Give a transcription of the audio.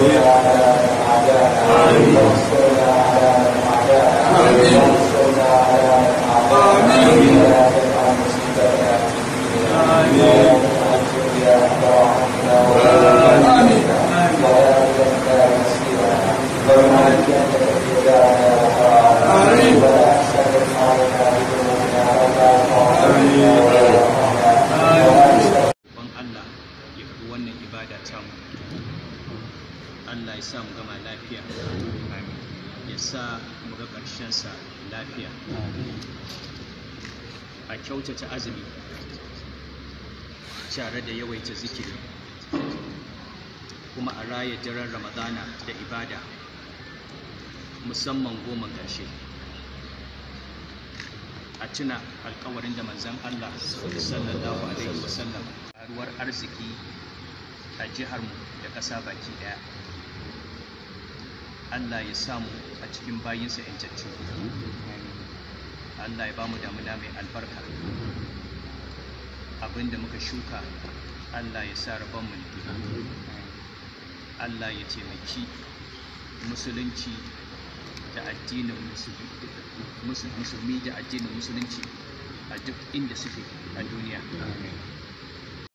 وانصرنا على من عادانا وانصرنا على من عادانا وانصرنا على من عادانا ولا تجعل مصيبتنا في ديننا ولا تجعل الدنيا اكبر عنا ولا تجعل مصيبنا ولا تجعل مصيبنا ولا تحسبن علينا بذنوبنا ولا تحسبنا ولا Allah ya karɓi wannan ibada ta mu Allah ya sa mu gama lafiya ya sa mu ga sa lafiya a kyautata azumi tare da yawaita zikiri kuma a raya daren ramadana da ibada musamman goma ƙarshe a tuna alkawarin da manzan Allah sallallahu alaihi wasallam ruwar arziki a mu da ƙasa baki ɗaya allah ya samu a cikin bayinsa yancacci allah ya ba mu damuna mai albarka abinda muka shuka allah ya sa rabon mu ne allah ya taimaki musulunci da addinin musulmi da addinin musulunci a duk inda suke a duniya